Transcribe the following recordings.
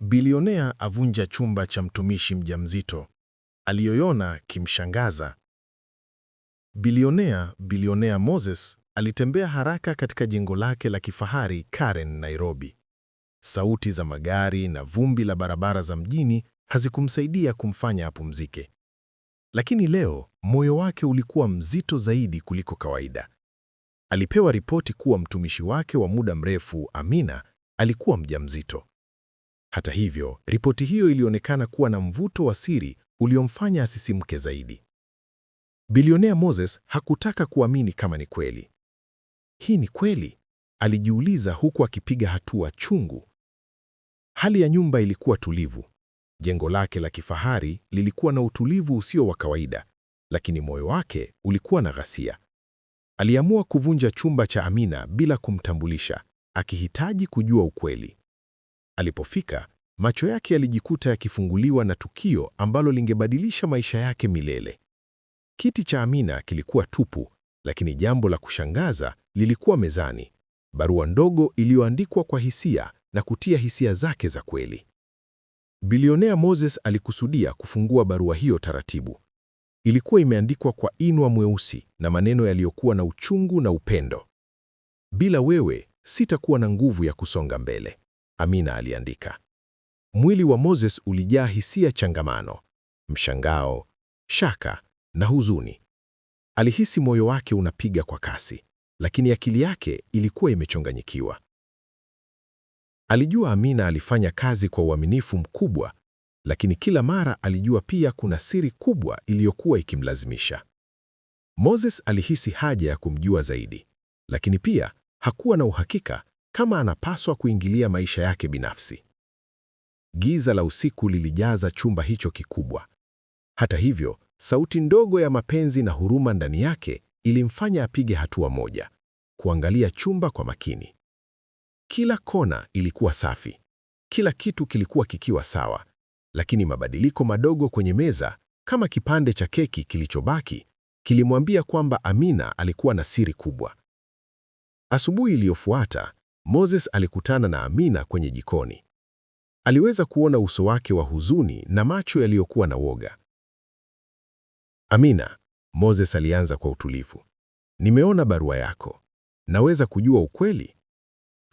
Bilionea avunja chumba cha mtumishi mjamzito. Aliyoyona kimshangaza. Bilionea bilionea Moses alitembea haraka katika jengo lake la kifahari Karen, Nairobi. Sauti za magari na vumbi la barabara za mjini hazikumsaidia kumfanya apumzike. Lakini leo moyo wake ulikuwa mzito zaidi kuliko kawaida. Alipewa ripoti kuwa mtumishi wake wa muda mrefu Amina alikuwa mjamzito. Hata hivyo, ripoti hiyo ilionekana kuwa na mvuto wa siri uliomfanya asisimke zaidi. Bilionea Moses hakutaka kuamini kama ni kweli. Hii ni kweli? Alijiuliza huku akipiga hatua chungu. Hali ya nyumba ilikuwa tulivu. Jengo lake la kifahari lilikuwa na utulivu usio wa kawaida, lakini moyo wake ulikuwa na ghasia. Aliamua kuvunja chumba cha Amina bila kumtambulisha, akihitaji kujua ukweli. Alipofika, macho yake yalijikuta yakifunguliwa na tukio ambalo lingebadilisha maisha yake milele. Kiti cha Amina kilikuwa tupu, lakini jambo la kushangaza lilikuwa mezani: barua ndogo iliyoandikwa kwa hisia na kutia hisia zake za kweli. Bilionea Moses alikusudia kufungua barua hiyo taratibu. Ilikuwa imeandikwa kwa inwa mweusi na maneno yaliyokuwa na uchungu na upendo. Bila wewe sitakuwa na nguvu ya kusonga mbele. Amina aliandika. Mwili wa Moses ulijaa hisia changamano, mshangao, shaka na huzuni. Alihisi moyo wake unapiga kwa kasi, lakini akili yake ilikuwa imechanganyikiwa. Alijua Amina alifanya kazi kwa uaminifu mkubwa, lakini kila mara alijua pia kuna siri kubwa iliyokuwa ikimlazimisha. Moses alihisi haja ya kumjua zaidi, lakini pia hakuwa na uhakika kama anapaswa kuingilia maisha yake binafsi. Giza la usiku lilijaza chumba hicho kikubwa. Hata hivyo, sauti ndogo ya mapenzi na huruma ndani yake ilimfanya apige hatua moja, kuangalia chumba kwa makini. Kila kona ilikuwa safi, kila kitu kilikuwa kikiwa sawa, lakini mabadiliko madogo kwenye meza, kama kipande cha keki kilichobaki, kilimwambia kwamba Amina alikuwa na siri kubwa. Asubuhi iliyofuata Moses alikutana na Amina kwenye jikoni. Aliweza kuona uso wake wa huzuni na macho yaliyokuwa na woga. Amina, Moses alianza kwa utulivu. Nimeona barua yako. Naweza kujua ukweli?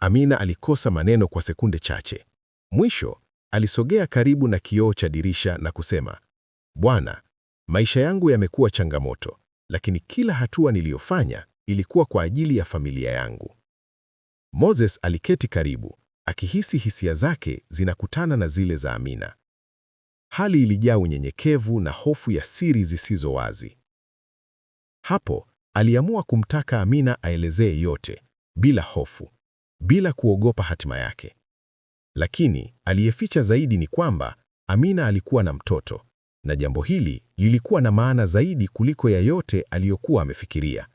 Amina alikosa maneno kwa sekunde chache. Mwisho, alisogea karibu na kioo cha dirisha na kusema, Bwana, maisha yangu yamekuwa changamoto, lakini kila hatua niliyofanya ilikuwa kwa ajili ya familia yangu. Moses aliketi karibu, akihisi hisia zake zinakutana na zile za Amina. Hali ilijaa unyenyekevu na hofu ya siri zisizo wazi. Hapo aliamua kumtaka Amina aelezee yote, bila hofu, bila kuogopa hatima yake. Lakini aliyeficha zaidi ni kwamba Amina alikuwa na mtoto, na jambo hili lilikuwa na maana zaidi kuliko ya yote aliyokuwa amefikiria.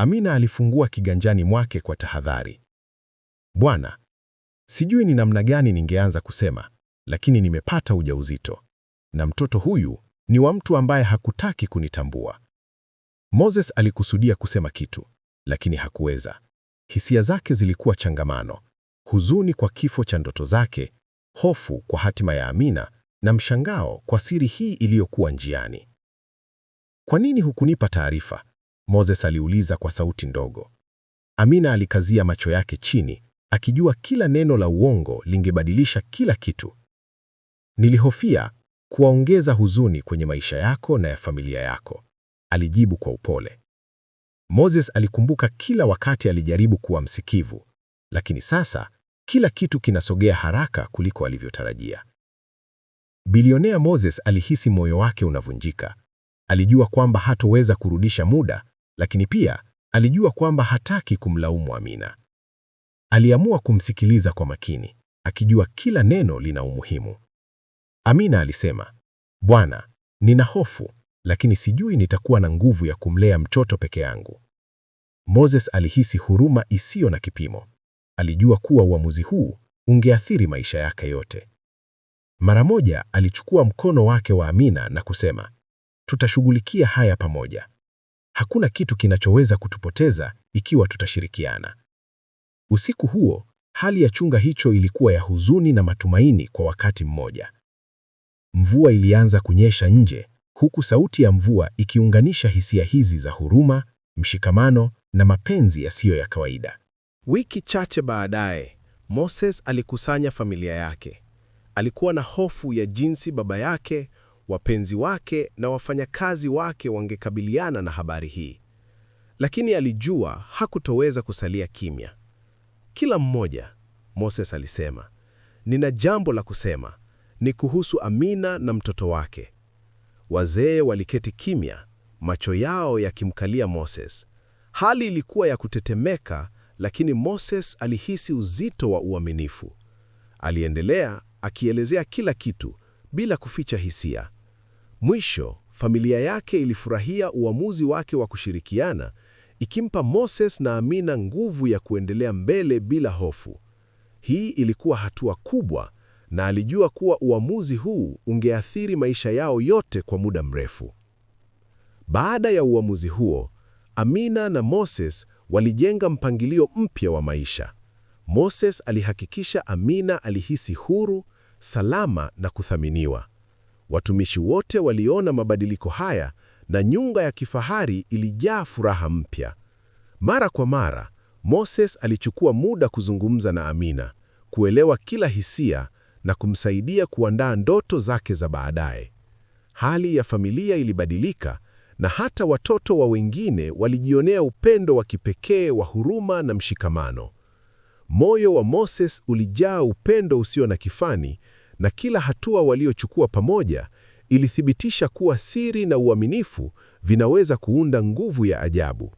Amina alifungua kiganjani mwake kwa tahadhari. Bwana, sijui ni namna gani ningeanza kusema, lakini nimepata ujauzito na mtoto huyu ni wa mtu ambaye hakutaki kunitambua. Moses alikusudia kusema kitu, lakini hakuweza. Hisia zake zilikuwa changamano: huzuni kwa kifo cha ndoto zake, hofu kwa hatima ya Amina na mshangao kwa siri hii iliyokuwa njiani. Kwa nini hukunipa taarifa? Moses aliuliza kwa sauti ndogo. Amina alikazia macho yake chini, akijua kila neno la uongo lingebadilisha kila kitu. Nilihofia kuwaongeza huzuni kwenye maisha yako na ya familia yako, alijibu kwa upole. Moses alikumbuka kila wakati alijaribu kuwa msikivu, lakini sasa kila kitu kinasogea haraka kuliko alivyotarajia. Bilionea Moses alihisi moyo wake unavunjika. Alijua kwamba hatoweza kurudisha muda, lakini pia alijua kwamba hataki kumlaumu Amina. Aliamua kumsikiliza kwa makini, akijua kila neno lina umuhimu. Amina alisema, Bwana, nina hofu, lakini sijui nitakuwa na nguvu ya kumlea mtoto peke yangu. Moses alihisi huruma isiyo na kipimo. Alijua kuwa uamuzi huu ungeathiri maisha yake yote. Mara moja alichukua mkono wake wa Amina na kusema, tutashughulikia haya pamoja hakuna kitu kinachoweza kutupoteza ikiwa tutashirikiana. Usiku huo, hali ya chunga hicho ilikuwa ya huzuni na matumaini kwa wakati mmoja. Mvua ilianza kunyesha nje, huku sauti ya mvua ikiunganisha hisia hizi za huruma, mshikamano na mapenzi yasiyo ya kawaida. Wiki chache baadaye, Moses alikusanya familia yake. Alikuwa na hofu ya jinsi baba yake wapenzi wake na wafanyakazi wake wangekabiliana na habari hii, lakini alijua hakutoweza kusalia kimya. Kila mmoja, Moses alisema, nina jambo la kusema, ni kuhusu Amina na mtoto wake. Wazee waliketi kimya, macho yao yakimkalia Moses. Hali ilikuwa ya kutetemeka, lakini Moses alihisi uzito wa uaminifu. Aliendelea akielezea kila kitu bila kuficha hisia. Mwisho, familia yake ilifurahia uamuzi wake wa kushirikiana, ikimpa Moses na Amina nguvu ya kuendelea mbele bila hofu. Hii ilikuwa hatua kubwa, na alijua kuwa uamuzi huu ungeathiri maisha yao yote kwa muda mrefu. Baada ya uamuzi huo, Amina na Moses walijenga mpangilio mpya wa maisha. Moses alihakikisha Amina alihisi huru, salama na kuthaminiwa. Watumishi wote waliona mabadiliko haya na nyumba ya kifahari ilijaa furaha mpya. Mara kwa mara, Moses alichukua muda kuzungumza na Amina, kuelewa kila hisia na kumsaidia kuandaa ndoto zake za baadaye. Hali ya familia ilibadilika na hata watoto wa wengine walijionea upendo wa kipekee wa huruma na mshikamano. Moyo wa Moses ulijaa upendo usio na kifani na kila hatua waliochukua pamoja ilithibitisha kuwa siri na uaminifu vinaweza kuunda nguvu ya ajabu.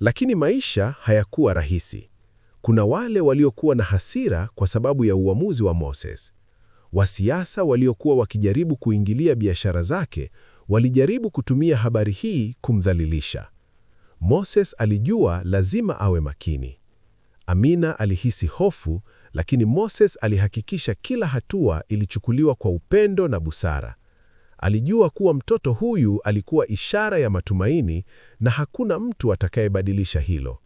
Lakini maisha hayakuwa rahisi. Kuna wale waliokuwa na hasira kwa sababu ya uamuzi wa Moses. Wasiasa waliokuwa wakijaribu kuingilia biashara zake walijaribu kutumia habari hii kumdhalilisha. Moses alijua lazima awe makini. Amina alihisi hofu lakini Moses alihakikisha kila hatua ilichukuliwa kwa upendo na busara. Alijua kuwa mtoto huyu alikuwa ishara ya matumaini na hakuna mtu atakayebadilisha hilo.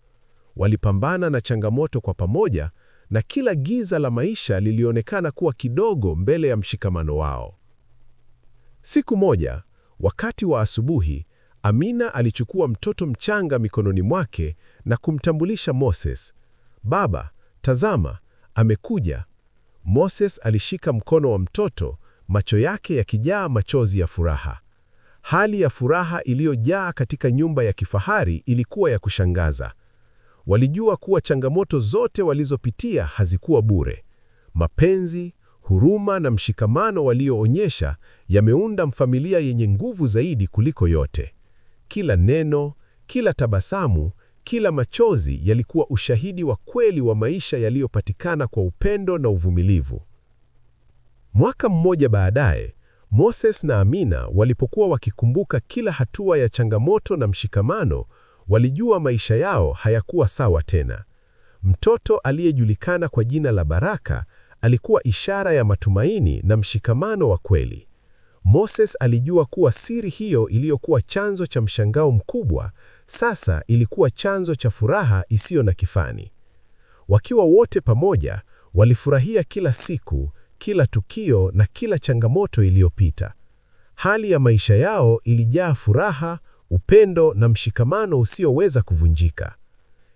Walipambana na changamoto kwa pamoja na kila giza la maisha lilionekana kuwa kidogo mbele ya mshikamano wao. Siku moja, wakati wa asubuhi, Amina alichukua mtoto mchanga mikononi mwake na kumtambulisha Moses. Baba, tazama, amekuja. Moses alishika mkono wa mtoto, macho yake yakijaa machozi ya furaha. Hali ya furaha iliyojaa katika nyumba ya kifahari ilikuwa ya kushangaza. Walijua kuwa changamoto zote walizopitia hazikuwa bure. Mapenzi, huruma na mshikamano walioonyesha yameunda familia yenye nguvu zaidi kuliko yote. Kila neno, kila tabasamu kila machozi yalikuwa ushahidi wa kweli wa maisha yaliyopatikana kwa upendo na uvumilivu. Mwaka mmoja baadaye, Moses na Amina walipokuwa wakikumbuka kila hatua ya changamoto na mshikamano, walijua maisha yao hayakuwa sawa tena. Mtoto aliyejulikana kwa jina la Baraka alikuwa ishara ya matumaini na mshikamano wa kweli. Moses alijua kuwa siri hiyo iliyokuwa chanzo cha mshangao mkubwa sasa ilikuwa chanzo cha furaha isiyo na kifani. Wakiwa wote pamoja, walifurahia kila siku, kila tukio na kila changamoto iliyopita. Hali ya maisha yao ilijaa furaha, upendo na mshikamano usioweza kuvunjika.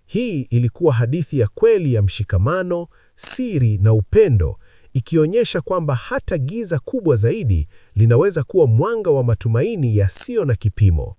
Hii ilikuwa hadithi ya kweli ya mshikamano, siri na upendo ikionyesha kwamba hata giza kubwa zaidi linaweza kuwa mwanga wa matumaini yasiyo na kipimo.